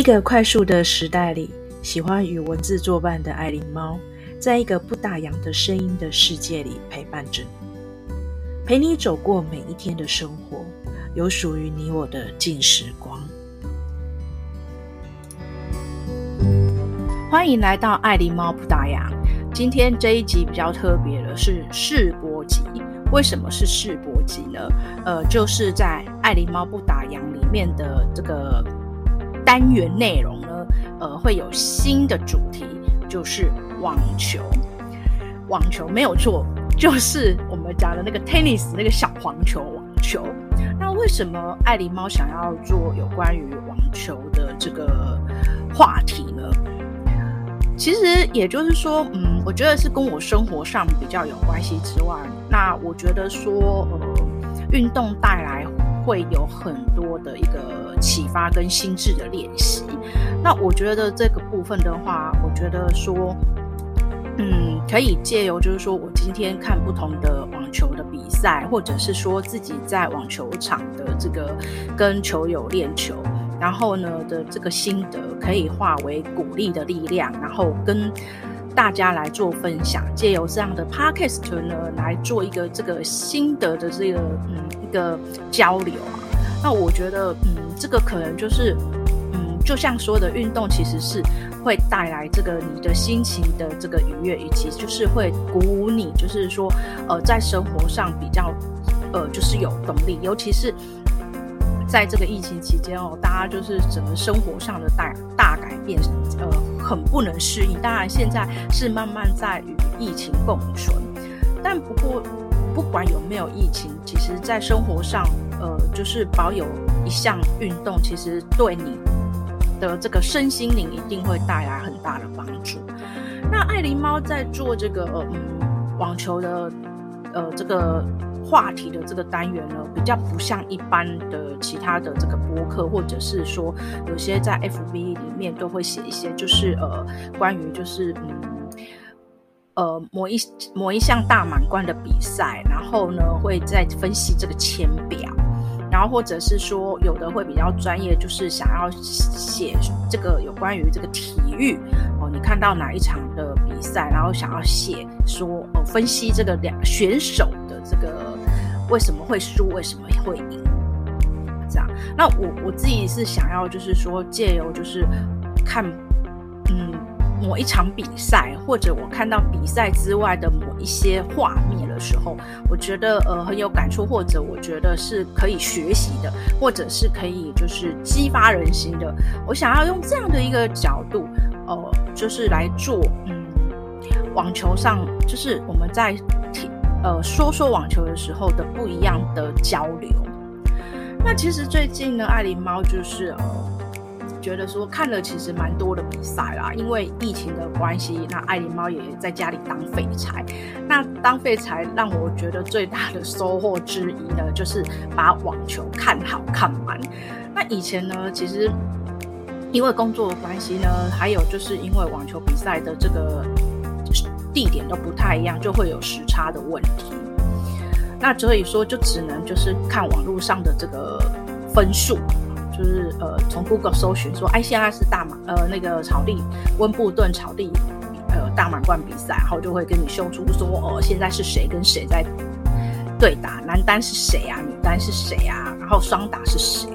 一個快速的時代裡，喜歡與文字作伴的愛麗貓，在一個不打烊的聲音的世界裡陪伴着你，陪你走過每一天的生活，有屬於你我的靜時光。歡迎來到愛麗貓不打烊。今天這一集比較特別的是試播集，為什麼是試播集呢？呃，就是在愛麗貓不打烊裡面的這個。單元內容呢，呃，會有新的主題，就是網球。網球沒有錯，就是我們講的那個 tennis，那個小黃球，網球。那為什麼愛狸貓想要做有關於網球的這個話題呢？其實也就是說，嗯，我覺得是跟我生活上比較有關係之外，那我覺得說，呃，運動帶來會有很多的一個。啟發跟心智的練習，那我覺得這個部分的話，我覺得說，嗯，可以借由就是說我今天看不同的網球的比賽，或者是說自己在網球場的這個跟球友練球，然後呢的這個心得可以化為鼓勵的力量，然後跟大家來做分享，借由這樣的 podcast 呢來做一個這個心得的這個嗯一個交流。那我覺得，嗯，這個可能就是，嗯，就像說的，運動其實是會帶來這個你的心情的這個愉悅，以及就是會鼓舞你，就是說，呃，在生活上比較，呃，就是有動力。尤其是在這個疫情期間哦，大家就是整個生活上的大大改變，呃，很不能適應。當然，現在是慢慢在與疫情共存，但不過。不管有沒有疫情，其實，在生活上，呃，就是保有一項運動，其實對你的這個身心靈一定會帶來很大的幫助。那愛麗貓在做這個、呃、嗯網球的呃這個話題的這個單元呢，比較不像一般的其他的這個播客，或者是說有些在 FB 裡面都會寫一些，就是呃關於就是嗯。呃，某一某一項大滿貫的比賽，然後呢，會再分析這個簽表，然後或者是說有的會比較專業，就是想要寫這個有關於這個體育哦、呃，你看到哪一場的比賽，然後想要寫說、呃、分析這個兩選手的這個為什麼會輸，為什麼會贏，這樣。那我我自己是想要就是說借由就是看，嗯。某一場比賽，或者我看到比賽之外的某一些畫面的時候，我覺得呃很有感觸，或者我覺得是可以學習的，或者是可以就是激發人心的。我想要用這樣的一個角度，呃，就是來做嗯網球上，就是我們在呃說說網球的時候的不一樣的交流。那其實最近呢，愛狸貓就是，呃覺得說看了其實蠻多的比賽啦，因為疫情的關係，那愛麗貓也在家裡當廢柴。那當廢柴讓我覺得最大的收穫之一呢，就是把網球看好看完。那以前呢，其實因為工作的關係呢，還有就是因為網球比賽的這個地點都不太一樣，就會有時差的問題。那所以說，就只能就是看網絡上的這個分數。就是呃，從 Google 搜尋說，哎，現在是大滿呃那個草地溫布頓草地呃大滿貫比賽，然後就會跟你秀出說，哦、呃，現在是誰跟誰在對打，男單是誰啊，女單是誰啊，然後雙打是誰。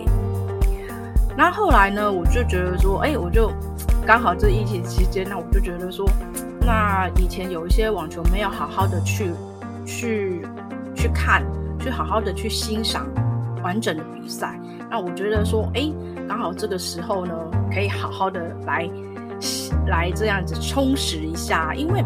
那後來呢，我就覺得說，哎、欸，我就剛好這疫情期間，那我就覺得說，那以前有一些網球沒有好好的去去去看，去好好的去欣賞。完整的比賽，那我覺得說，哎，剛好這個時候呢，可以好好的來，來這樣子充實一下。因為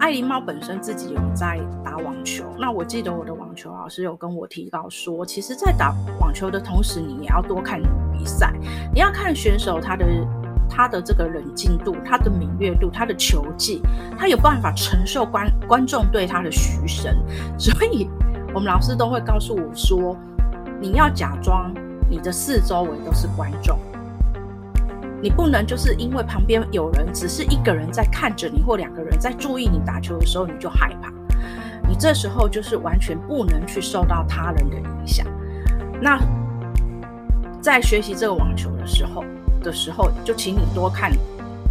愛琳貓本身自己有在打網球，那我記得我的網球老師有跟我提到說，其實，在打網球的同時，你也要多看比賽，你要看選手他的他的這個冷靜度、他的敏銳度、他的球技，他有辦法承受觀觀眾對他的噓聲。所以，我們老師都會告訴我說，你要假裝你的四周圍都是觀眾，你不能就是因為旁邊有人，只是一個人在看着你，或兩個人在注意你打球的時候，你就害怕。你這時候就是完全不能去受到他人的影響。那在學習這個網球的時候的時候，就請你多看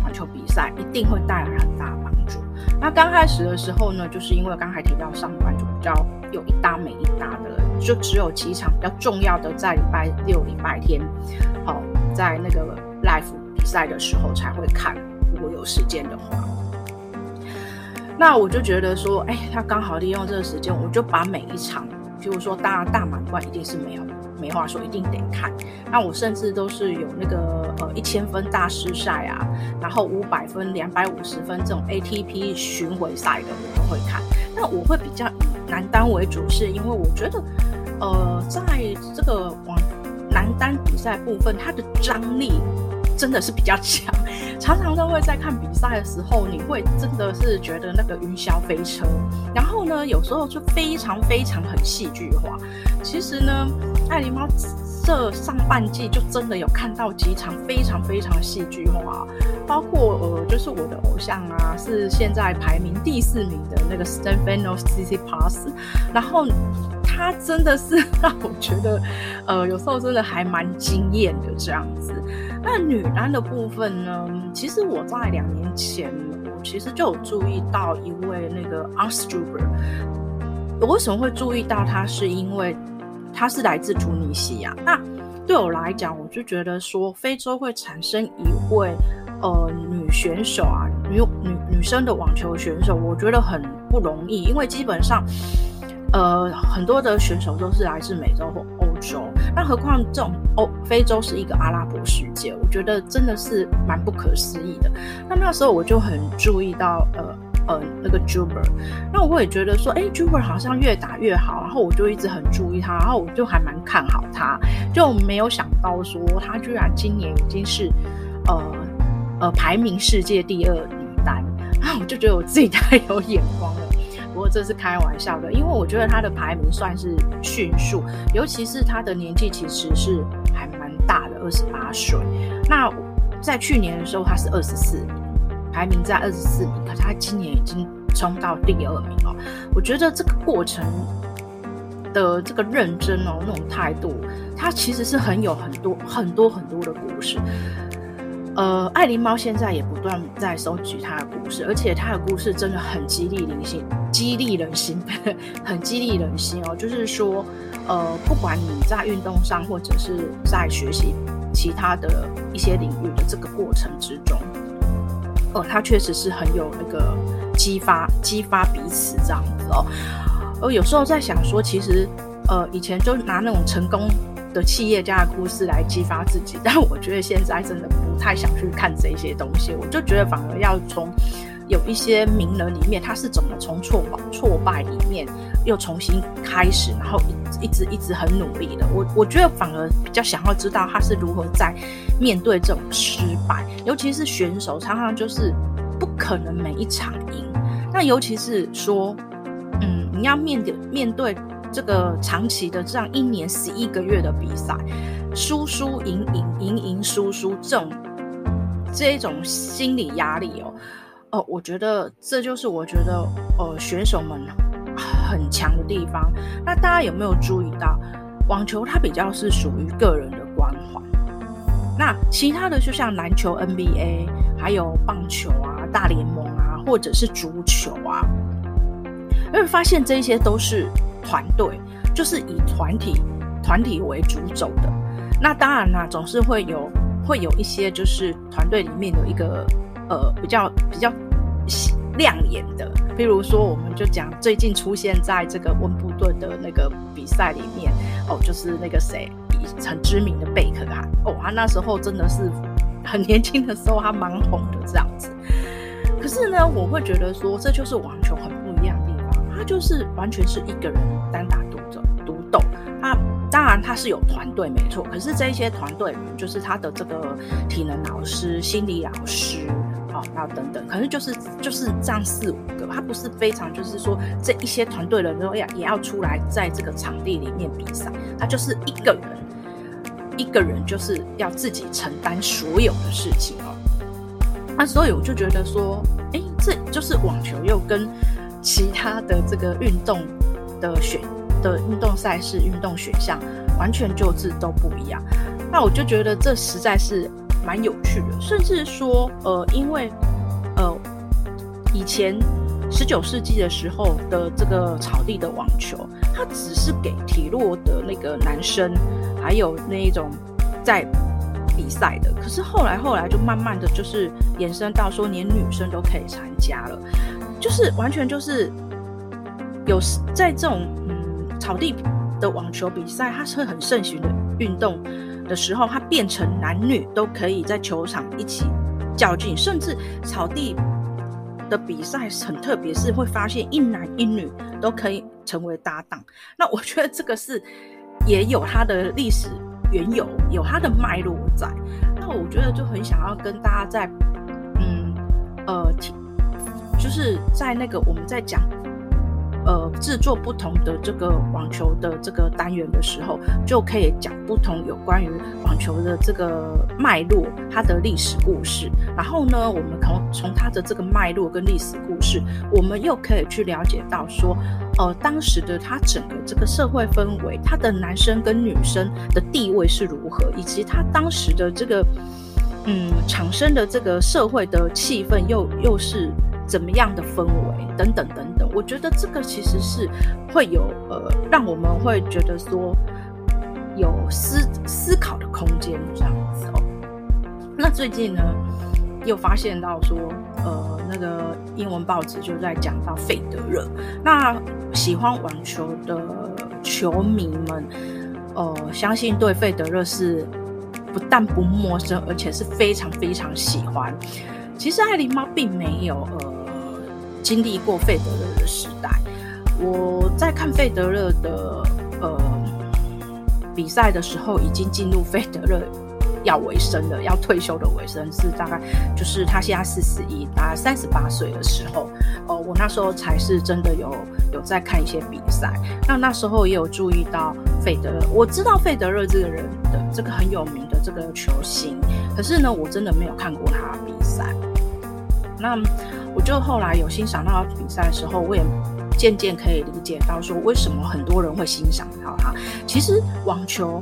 網球比賽，一定會帶來很大幫助。那剛開始的時候呢，就是因為剛才提到上班就比較有一搭沒一搭的。就只有幾場比較重要的，在禮拜六、禮拜天，好、哦，在那個 live 比賽的時候才會看，如果有時間的話。那我就覺得說，哎、欸，他剛好利用這個時間，我就把每一場，譬如說大大滿貫，一定是沒有。沒話說，一定得看。那我甚至都是有那個呃一千分大師賽啊，然後五百分、兩百五十分這種 ATP 巡迴賽的，我都會看。那我會比較以男單為主，是因為我覺得呃，在這個往男單比賽部分，它的張力真的是比較強。常常都會在看比賽的時候，你會真的是覺得那個雲霄飛車，然後呢，有時候就非常非常很戲劇化。其實呢。愛麗貓這上半季就真的有看到幾場非常非常戲劇化，包括呃，就是我的偶像啊，是現在排名第四名的那個 Stefanos Tsitsipas 然後他真的是讓、啊、我覺得，呃，有時候真的還蠻驚豔的這樣子。那女單的部分呢，其實我在兩年前，我其實就有注意到一位那個 Anstuber。我為什麼會注意到他，是因為她是來自突尼西亞。那對我來講，我就覺得說，非洲會產生一位，呃，女選手啊，女女女生的網球選手，我覺得很不容易，因為基本上，呃，很多的選手都是來自美洲或歐洲。那何況這種歐非洲是一個阿拉伯世界，我覺得真的是蠻不可思議的。那那時候我就很注意到，呃。呃，那個 Jabeur，那我也覺得說，哎，Jabeur 好像越打越好，然後我就一直很注意他，然後我就還蠻看好他，就沒有想到說他居然今年已經是呃呃排名世界第二女單，那我就覺得我自己太有眼光了。不過這是開玩笑的，因為我覺得他的排名算是迅速，尤其是他的年紀其實是還蠻大的，二十八歲。那在去年的時候他是二十四。排名在二十四名，可是他今年已經衝到第二名了哦。我覺得這個過程的這個認真哦，那種態度，它其實是很有很多很多很多的故事。呃，愛狸貓現在也不斷在收集他的故事，而且他的故事真的很激勵人心，激勵人心，很激勵人心哦。就是說，呃，不管你在運動上，或者是在學習其他的一些領域的這個過程之中。哦、呃，他確實是很有那個激發、激發彼此這樣子哦。我、呃、有時候在想說，其實，呃，以前就拿那種成功的企業家的故事來激發自己，但我覺得現在真的不太想去看這些東西。我就覺得反而要從。有一些名人裡面，他是怎麼從挫敗、挫敗裡面又重新開始，然後一一直一直很努力的。我我覺得反而比較想要知道他是如何在面對這種失敗，尤其是選手常常就是不可能每一場贏。那尤其是說，嗯，你要面對面對這個長期的這樣一年十一個月的比賽，輸輸贏贏、贏贏輸輸，這種這一種心理壓力哦、喔。哦，我覺得這就是我覺得，呃，選手們很強的地方。那大家有沒有注意到，網球它比較是屬於個人的光環。那其他的就像籃球 NBA，還有棒球啊、大聯盟啊，或者是足球啊，因為發現這些都是團隊，就是以團體、團體為主走的。那當然啦、啊，總是會有會有一些，就是團隊裡面有一個。呃，比較比較亮眼的，比如說，我們就講最近出現在這個溫布頓的那個比賽裡面，哦，就是那個誰，很知名的貝克漢，哦，他那時候真的是很年輕的時候，他蠻紅的這樣子。可是呢，我會覺得說，這就是網球很不一樣的地方，他就是完全是一個人單打獨鬥、獨鬥。啊，當然他是有團隊，沒錯，可是這一些團隊就是他的這個體能老師、心理老師。然後、啊、等等，可是就是就是這樣四五個，他不是非常就是說這一些團隊的人都要也要出來在這個場地裡面比賽，他就是一個人，一個人就是要自己承擔所有的事情哦。那所以我就覺得說，哎、欸，這就是網球又跟其他的這個運動的選的運動賽事、運動選項完全就是都不一樣。那我就覺得這實在是。蠻有趣的，甚至說，呃，因為，呃，以前十九世紀的時候的這個草地的網球，它只是給體弱的那個男生，還有那一種在比賽的。可是後來後來就慢慢的就是延伸到說，連女生都可以參加了，就是完全就是有在這種嗯草地的網球比賽，它是很盛行的運動。的時候，它變成男女都可以在球場一起較勁，甚至草地的比賽很特別，是會發現一男一女都可以成為搭檔。那我覺得這個是也有它的歷史緣由，有它的脈絡在。那我覺得就很想要跟大家在，嗯，呃，就是在那個我們在講。呃，製作不同的這個網球的這個單元的時候，就可以講不同有關於網球的這個脈絡，它的歷史故事。然後呢，我們從從它的這個脈絡跟歷史故事，我們又可以去了解到說，呃，當時的它整個這個社會氛圍，它的男生跟女生的地位是如何，以及它當時的這個嗯，產生的這個社會的氣氛又又是。怎麼樣的氛圍等等等等，我覺得這個其實是會有呃，讓我們會覺得說有思思考的空間這樣子哦。那最近呢，又發現到說呃，那個英文報紙就在講到費德勒。那喜歡網球的球迷們，呃，相信對費德勒是不但不陌生，而且是非常非常喜歡。其實艾琳媽並沒有呃。經歷過費德勒的時代，我在看費德勒的呃比賽的時候，已經進入費德勒要尾聲的，要退休的尾聲，是大概就是他現在四十一，啊三十八歲的時候，哦、呃，我那時候才是真的有有在看一些比賽，那那時候也有注意到費德勒，我知道費德勒這個人的這個很有名的這個球星，可是呢，我真的沒有看過他比賽，那。我就後來有欣賞到比賽的時候，我也漸漸可以理解到說，為什麼很多人會欣賞到他。其實網球，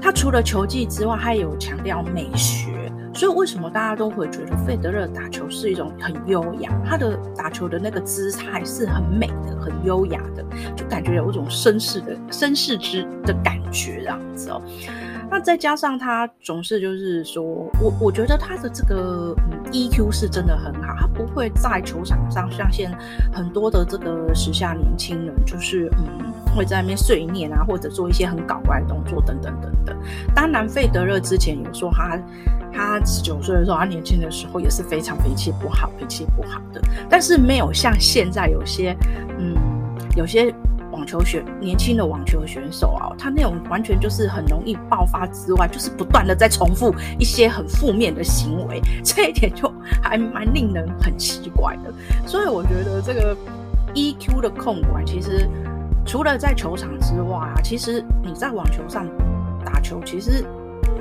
他除了球技之外，他也有強調美學。所以為什麼大家都會覺得費德勒打球是一種很優雅，他的打球的那個姿態是很美的，很優雅的，就感覺有一種紳士的紳士之的感覺這樣子哦。那再加上他總是就是說，我我覺得他的這個嗯 EQ 是真的很好，他不會在球場上像現在很多的這個時下年輕人，就是嗯會在那邊碎念啊，或者做一些很搞怪的動作等等等等。當然，費德勒之前有說他他十九歲的時候，他年輕的時候也是非常脾氣不好，脾氣不好的，但是沒有像現在有些嗯有些。網球選，年輕的網球選手啊，他那種完全就是很容易爆發之外，就是不斷的在重複一些很負面的行為，這一點就還蠻令人很奇怪的。所以我覺得這個 EQ 的控管，其實除了在球場之外啊，其實你在網球上打球，其實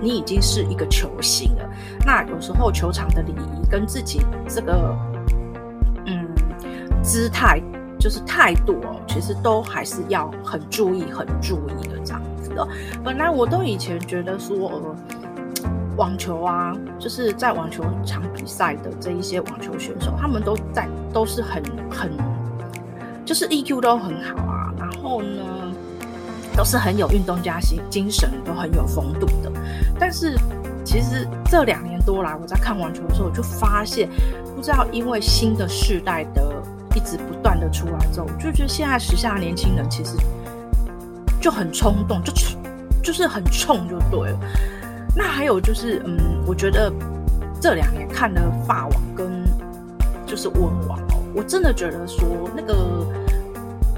你已經是一個球星了。那有時候球場的禮儀跟自己這個，嗯，姿態。就是態度哦、喔，其實都還是要很注意、很注意的這樣子的。本來我都以前覺得說、呃，網球啊，就是在網球場比賽的這一些網球選手，他們都在都是很很，就是 EQ 都很好啊。然後呢，都是很有運動家心、精神都很有風度的。但是其實這兩年多來，我在看網球的時候，我就發現，不知道因為新的世代的。一直不斷的出來之後，就覺得現在時下的年輕人其實就很衝動，就衝，就是很衝就對了。那還有就是，嗯，我覺得這兩年看的《法網》跟就是《溫網》哦，我真的覺得說那個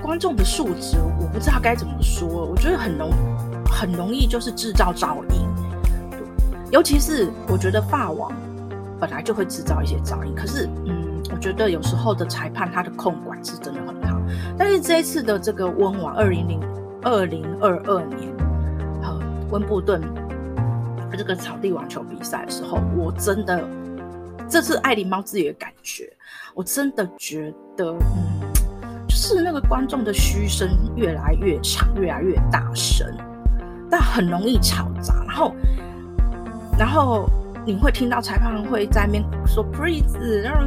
觀眾的素質，我不知道該怎麼說，我覺得很容很容易就是製造噪音，尤其是我覺得《法網》本來就會製造一些噪音，可是嗯。我覺得有時候的裁判他的控管是真的很好，但是這一次的這個溫網二零零二零二二年呃，溫布頓這個草地網球比賽的時候，我真的這次愛麗貓自己的感覺，我真的覺得嗯，就是那個觀眾的噓聲越來越強越來越大聲，但很容易吵雜，然後然後。你會聽到裁判會在那邊說 please、啊、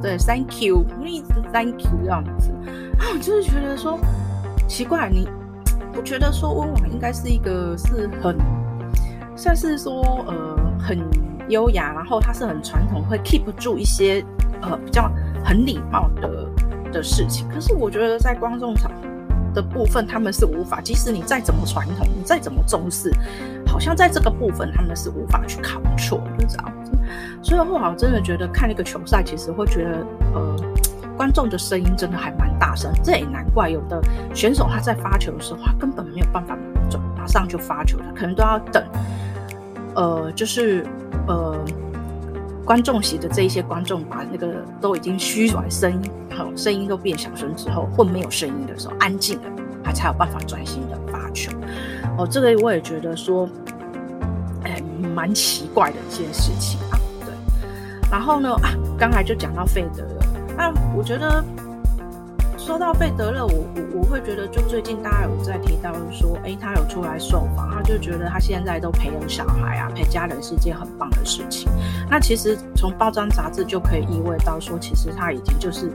對 thank you、please、thank you 這樣子，啊，我就是覺得說奇怪，你不覺得說溫網應該是一個是很算是說呃很優雅，然後他是很傳統，會 keep 住一些呃比較很禮貌的的事情，可是我覺得在觀眾場合。的部分，他們是無法。即使你再怎麼傳統，你再怎麼重視，好像在這個部分，他們是無法去抗挫 n 的這樣子。所以，我好真的覺得看那個球賽，其實會覺得，呃，觀眾的聲音真的還蠻大聲。這也難怪，有的選手他在發球的時候，他根本沒有辦法，馬上就發球，他可能都要等，呃，就是，呃。觀眾席的這一些觀眾把那個都已經噓出來聲音，然後、哦、聲音都變小聲之後，或沒有聲音的時候，安靜了，他才有辦法專心的發球。哦，這個我也覺得說，哎，蠻奇怪的一件事情啊。對，然後呢，啊，剛才就講到費德勒，啊，我覺得。說到費德勒，我我我會覺得，就最近大家有在提到，說，誒，他有出來受訪，他就覺得他現在都培養小孩啊，陪家人是件很棒的事情。那其實從報章雜誌就可以意味到說，說其實他已經就是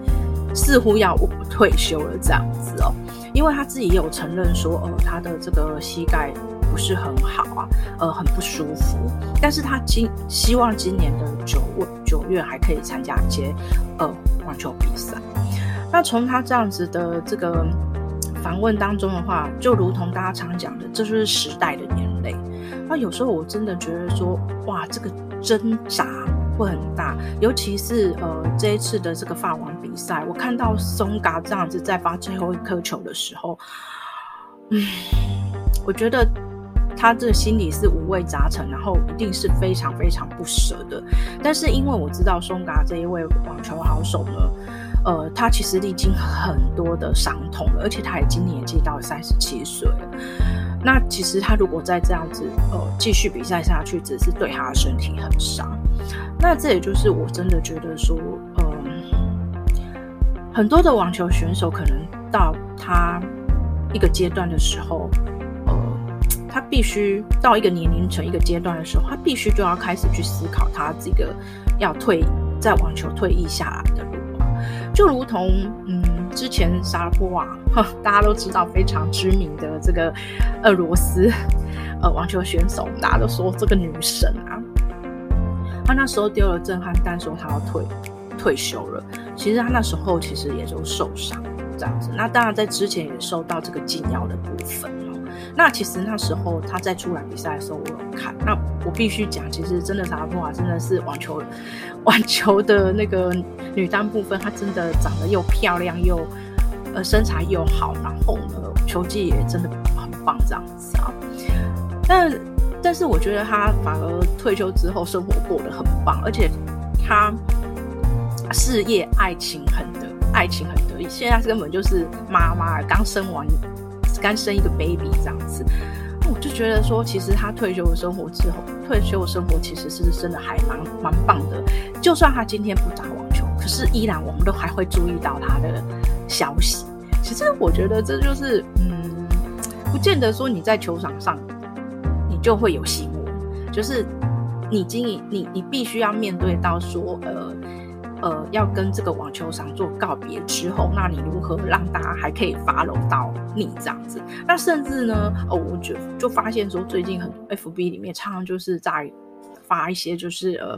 似乎要退休了這樣子哦，因為他自己也有承認說，哦、呃，他的這個膝蓋不是很好啊，呃，很不舒服。但是他今希望今年的九月九月還可以參加一些呃網球比賽。那從他這樣子的這個訪問當中的話，就如同大家常講的，這就是時代的眼淚。那有時候我真的覺得說，哇，這個掙扎會很大，尤其是呃這一次的這個法網比賽，我看到松嘎這樣子在發最後一顆球的時候，嗯，我覺得他這心裡是五味雜陳，然後一定是非常非常不捨的。但是因為我知道松嘎這一位網球好手呢。呃，他其實歷經很多的傷痛了，而且他已經年紀到三十七歲了。那其實他如果再這樣子呃繼續比賽下去，只是對他的身體很傷。那這也就是我真的覺得說，嗯、呃，很多的網球選手可能到他一個階段的時候，呃，他必須到一個年齡層、一個階段的時候，他必須就要開始去思考他這個要退，在網球退役下來。就如同，嗯，之前莎拉波娃、啊，大家都知道非常知名的這個俄羅斯呃網球選手，大家都說這個女神啊，她那時候丟了震撼彈，說她要退退休了。其實她那時候其實也就受傷這樣子。那當然在之前也受到這個禁藥的部分。那其實那時候他在出來比賽的時候，我有看。那我必須講，其實真的查普瓦真的是網球，網球的那個女單部分，她真的長得又漂亮又呃身材又好，然後呢球技也真的很棒，這樣子啊。但但是我覺得她反而退休之後生活過得很棒，而且她事業愛情很得愛情很得意。現在是根本就是媽媽剛生完。剛生一個 baby 這樣子，我就覺得說，其實他退休的生活之後，退休的生活其實是真的還蠻蠻棒的。就算他今天不打網球，可是依然我們都還會注意到他的消息。其實我覺得這就是，嗯，不見得說你在球場上你就會有新聞，就是你經營你你必須要面對到說，呃。呃，要跟這個網球場做告別之後，那你如何讓大家還可以 follow 到你這樣子？那甚至呢，哦，我就就發現說，最近很多 FB 裡面常常就是在發一些就是呃，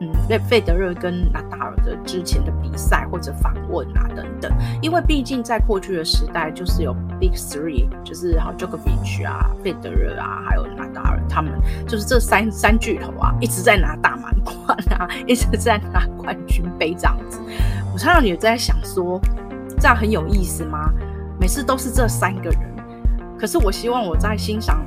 嗯，費費德勒跟納達爾的之前的比賽或者訪問啊等等，因為畢竟在過去的時代，就是有 Big Three，就是好 Djokovic 啊、費德勒啊，還有納達爾。他們就是這三三巨頭啊，一直在拿大滿貫啊，一直在拿冠軍杯這樣子。我常常也在想說，這樣很有意思嗎？每次都是這三個人。可是我希望我在欣賞，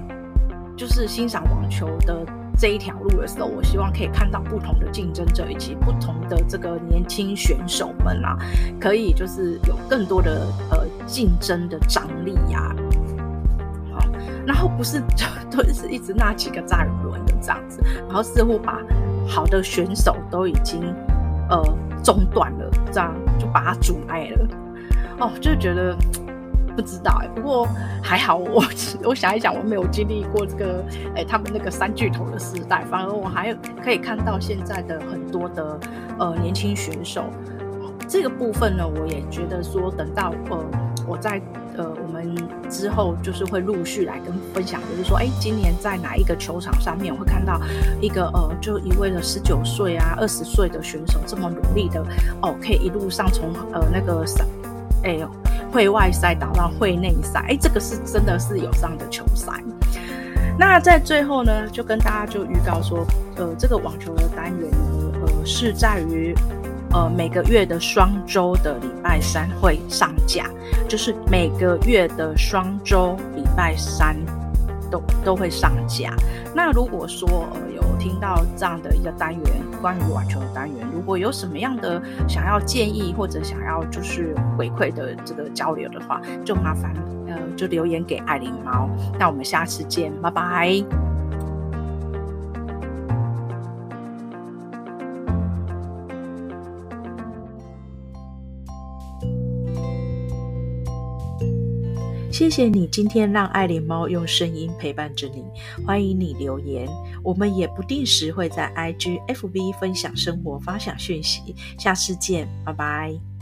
就是欣賞網球的這一條路的時候，我希望可以看到不同的競爭者以及不同的這個年輕選手們啊，可以就是有更多的呃競爭的張力呀，啊。然後不是就都是一直那幾個炸人輪的這樣子，然後似乎把好的選手都已經呃中斷了，這樣就把他阻礙了。哦，就覺得不知道哎、欸，不過還好我我想一想我沒有經歷過這個哎、欸、他們那個三巨頭的時代，反而我還可以看到現在的很多的呃年輕選手這個部分呢，我也覺得說，等到呃我在。呃，我們之後就是會陸續來跟分享，就是說，哎，今年在哪一個球場上面我會看到一個呃，就一位的十九歲啊、二十歲的選手這麼努力的哦，可以一路上從呃那個賽，哎，會外賽打到會內賽，哎，這個是真的是有這樣的球賽。那在最後呢，就跟大家就預告說，呃，這個網球的單元呢，呃，是在於。呃，每個月的雙週的禮拜三會上架，就是每個月的雙週禮拜三都都會上架。那如果說，呃，有聽到這樣的一個單元，關於網球的單元，如果有什麼樣的想要建議或者想要就是回饋的這個交流的話，就麻煩呃就留言給愛玲貓。那我們下次見，拜拜。謝謝你今天讓愛玲貓用聲音陪伴着你。歡迎你留言，我們也不定時會在 IG、FB 分享生活、分享訊息。下次見，拜拜。